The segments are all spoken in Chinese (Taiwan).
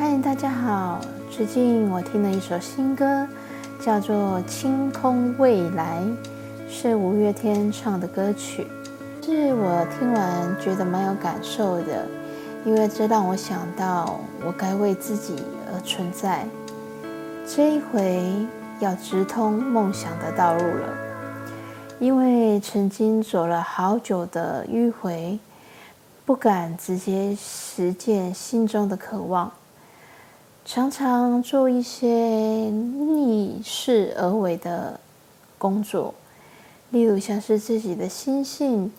嗨，大家好！最近我聽了一首新歌，叫做《青空未來》，是五月天唱的歌曲。是我聽完覺得蠻有感受的，因為這讓我想到我該為自己而存在。這一回要直通夢想的道路了，因為曾經走了好久的迂迴，不敢直接實踐心中的渴望。常常做一些逆勢而為的工作，例如像是自己的心性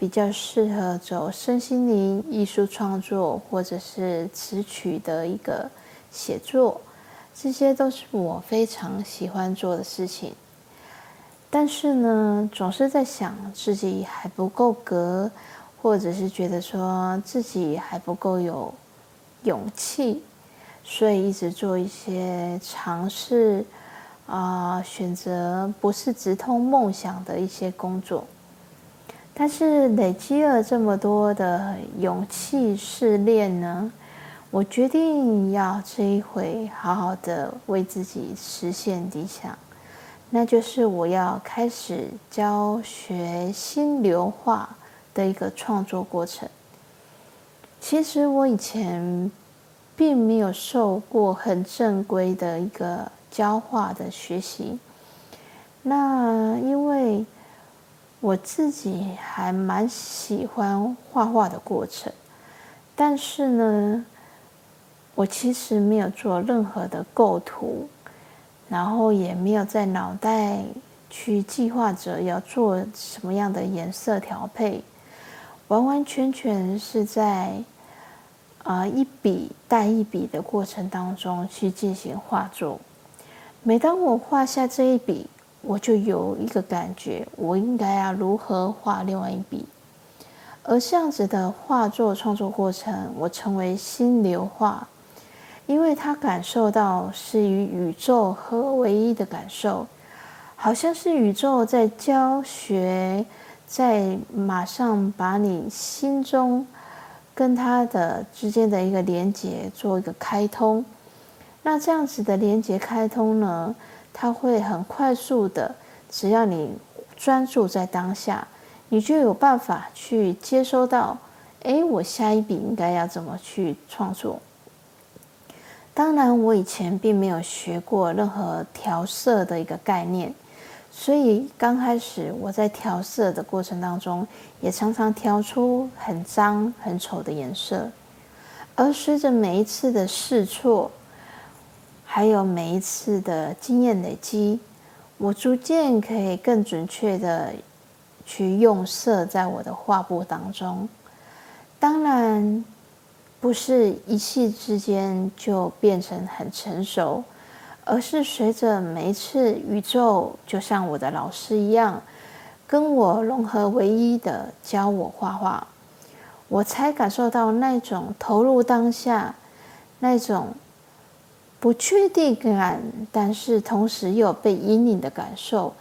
比較適合走身心靈、藝術創作，或者是詞曲的一個寫作，這些都是我非常喜歡做的事情。但是呢，總是在想自己還不夠格，或者是覺得說自己還不夠有勇氣。所以一直做一些嘗試，啊、呃，選擇不是直通夢想的一些工作，但是累積了這麼多的勇氣試煉呢，我決定要這一回好好的為自己實現理想，那就是我要開始教學心流畫的一個創作過程。其實我以前。並沒有受過很正規的一個教畫的學習。那因為我自己還蠻喜歡畫畫的過程，但是呢，我其實沒有做任何的構圖，然後也沒有在腦袋去計劃着要做什麼樣的顏色調配，完完全全是在。啊，一筆帶一筆的過程當中去進行畫作。每當我畫下這一筆，我就有一個感覺，我應該要如何畫另外一筆。而這樣子的畫作創作過程，我稱為心流畫，因為它感受到是與宇宙合為一的感受，好像是宇宙在教學，在馬上把你心中。跟它的之間的一個連接做一個開通，那這樣子的連接開通呢，它會很快速的，只要你專注在當下，你就有辦法去接收到，哎、欸，我下一筆應該要怎麼去創作？當然，我以前並沒有學過任何調色的一個概念。所以剛開始我在調色的過程當中，也常常調出很髒、很醜的顏色。而隨着每一次的試錯，還有每一次的經驗累積，我逐漸可以更準確的去用色在我的畫布當中。當然，不是一氣之間就變成很成熟。而是隨着每一次宇宙，就像我的老師一樣，跟我融合為一的教我畫畫，我才感受到那種投入當下、那種不確定感，但是同時又有被引領的感受。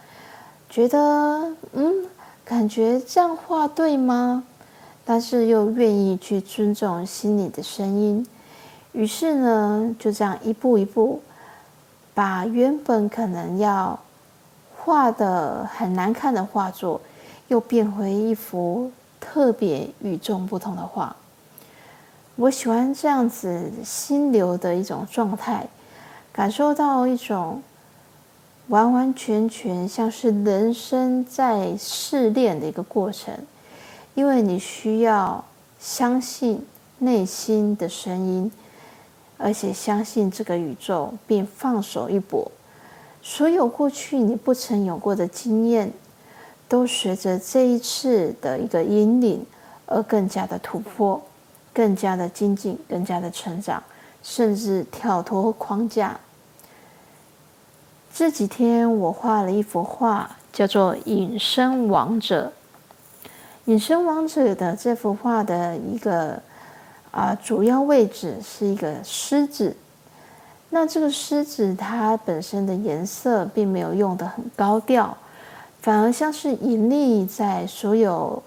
覺得嗯，感覺這樣畫對嗎？但是又願意去尊重心裡的聲音。於是呢，就這樣一步一步。把原本可能要畫的很難看的畫作，又變回一幅特別與眾不同的畫。我喜歡這樣子心流的一種狀態，感受到一種完完全全像是人生在試煉的一個過程，因為你需要相信內心的聲音。而且相信這個宇宙，並放手一搏，所有過去你不曾有過的經驗，都隨着這一次的一個引領而更加的突破，更加的精進，更加的成長，甚至跳脫框架。這幾天我畫了一幅畫，叫做《隱身王者》。隱身王者的這幅畫的一個。啊、呃，主要位置是一個獅子，那這個獅子它本身的顏色並沒有用得很高調，反而像是隱匿在所有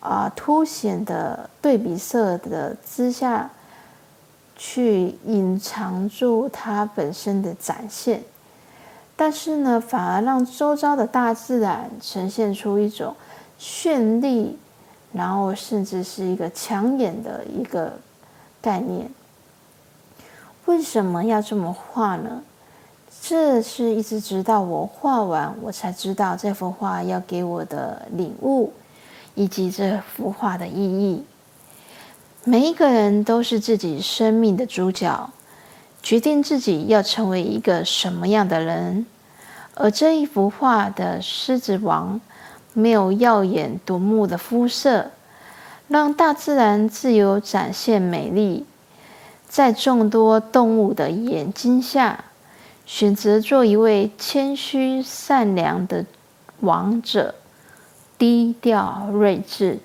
啊、呃、凸顯的對比色的之下，去隱藏住它本身的展現，但是呢，反而讓周遭的大自然呈現出一種絢麗。然後甚至是一個搶眼的一個概念。為什麼要這麼畫呢？這是一直直到我畫完，我才知道這幅畫要給我的領悟，以及這幅畫的意義。每一個人都是自己生命的主角，決定自己要成為一個什麼樣的人。而這一幅畫的獅子王。沒有耀眼奪目的膚色，讓大自然自由展現美麗，在眾多動物的眼睛下，選擇做一位謙虛善良的王者，低調睿智。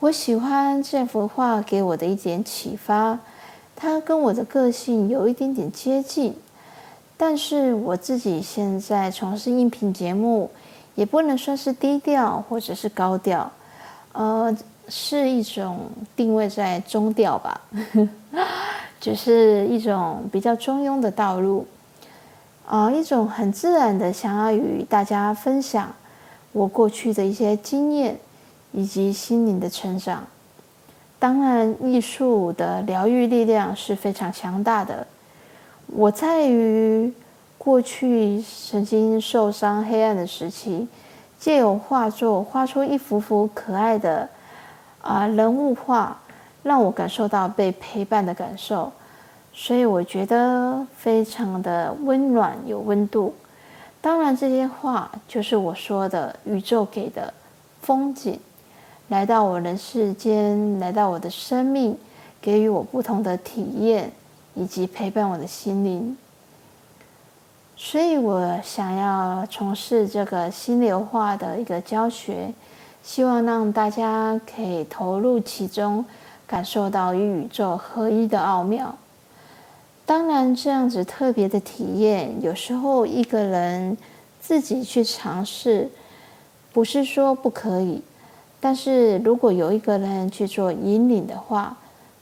我喜歡這幅畫給我的一點啟發，它跟我的個性有一點點接近，但是我自己現在從事音頻節目。也不能算是低調或者是高調，呃，是一種定位在中調吧， 就是一種比較中庸的道路，啊、呃，一種很自然的想要與大家分享我過去的一些經驗以及心靈的成長。當然，藝術的療愈力量是非常強大的。我在於，過去曾經受傷、黑暗的時期，借由畫作畫出一幅幅可愛的啊人物畫，讓我感受到被陪伴的感受，所以我覺得非常的溫暖有溫度。當然，這些畫就是我說的宇宙給的風景，來到我人世間，來到我的生命，給予我不同的體驗以及陪伴我的心靈。所以，我想要從事這個心流畫的一個教學，希望讓大家可以投入其中，感受到與宇宙合一的奧妙。當然，這樣子特別的體驗，有時候一個人自己去嘗試，不是說不可以，但是如果有一個人去做引領的話，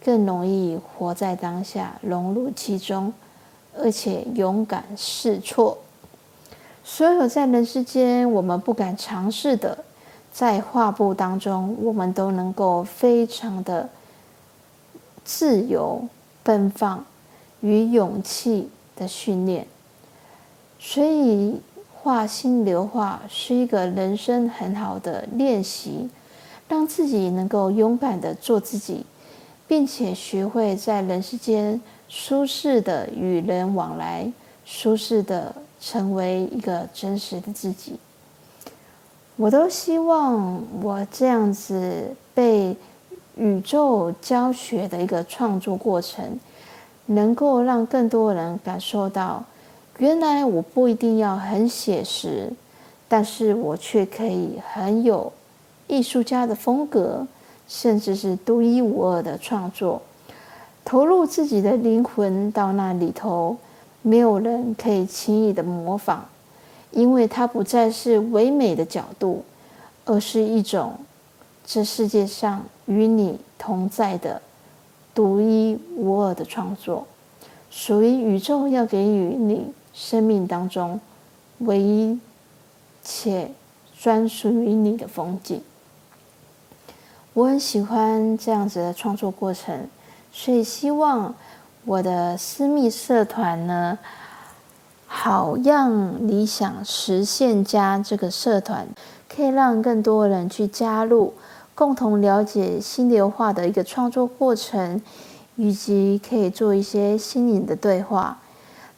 更容易活在當下，融入其中。而且勇敢試錯，所有在人世間我們不敢嘗試的，在畫布當中，我們都能夠非常的自由奔放與勇氣的訓練。所以畫心流畫是一個人生很好的練習，讓自己能夠勇敢的做自己，並且學會在人世間。舒適的與人往來，舒適的成為一個真實的自己，我都希望我這樣子被宇宙教學的一個創作過程，能夠讓更多人感受到，原來我不一定要很寫實，但是我卻可以很有藝術家的風格，甚至是獨一無二的創作。投入自己的靈魂到那裡頭，沒有人可以輕易的模仿，因為它不再是唯美的角度，而是一種這世界上與你同在的獨一無二的創作，屬於宇宙要給予你生命當中唯一且專屬於你的風景。我很喜歡這樣子的創作過程。所以希望我的私密社團呢，好樣理想實現家這個社團，可以讓更多人去加入，共同了解心流化的一個創作過程，以及可以做一些心靈的對話。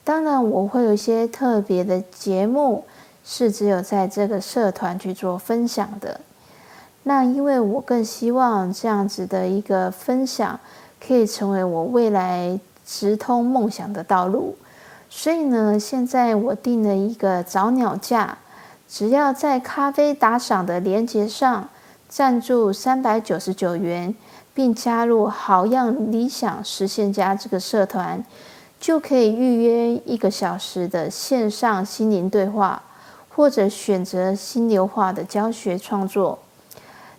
當然，我會有一些特別的節目，是只有在這個社團去做分享的。那因為我更希望這樣子的一個分享。可以成為我未來直通夢想的道路，所以呢，現在我定了一個早鳥價，只要在咖啡打賞的鏈接上贊助三百九十九元，並加入“好樣理想實現家”這個社團，就可以預約一個小時的線上心靈對話，或者選擇心流畫的教學創作，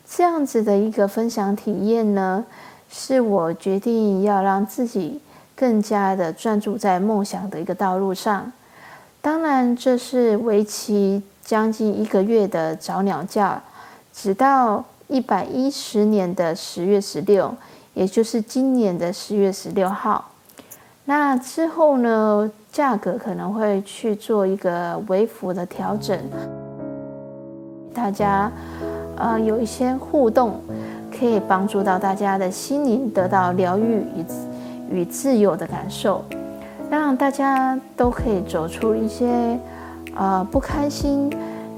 這樣子的一個分享體驗呢，是我決定要讓自己更加的專注在夢想的一個道路上。當然，這是為期將近一個月的早鳥價，直到一百一十年的十月十六，也就是今年的十月十六號。那之後呢，價格可能會去做一個微幅的調整，大家呃有一些互動。可以幫助到大家的心靈得到療癒與與自由的感受，讓大家都可以走出一些啊、呃、不開心，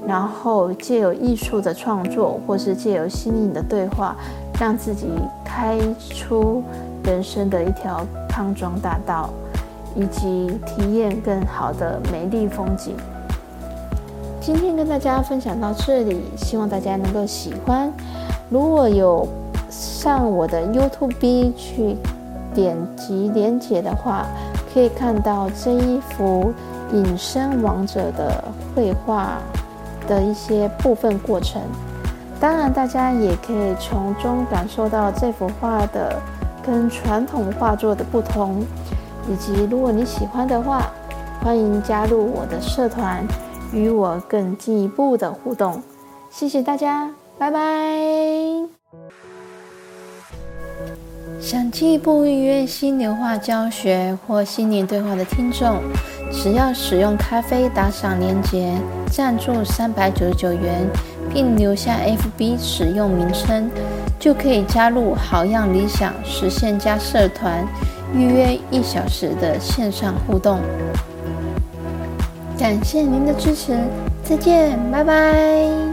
然後借由藝術的創作或是借由心靈的對話，讓自己開出人生的一條康莊大道，以及體驗更好的美麗風景。今天跟大家分享到這裡，希望大家能夠喜歡。如果有上我的 YouTube 去點擊連結的話，可以看到這一幅隱身王者的繪畫的一些部分過程。當然，大家也可以從中感受到這幅畫的跟傳統畫作的不同，以及如果你喜歡的話，歡迎加入我的社團，與我更進一步的互動。謝謝大家。拜拜！Bye bye，想進一步預約心流畫教學或心靈對話的聽眾，只要使用咖啡打賞鏈接贊助三百九十九元，並留下 FB 使用名稱，就可以加入“好樣理想實現家”社團，預約一小時的線上互動。感謝您的支持，再見，拜拜。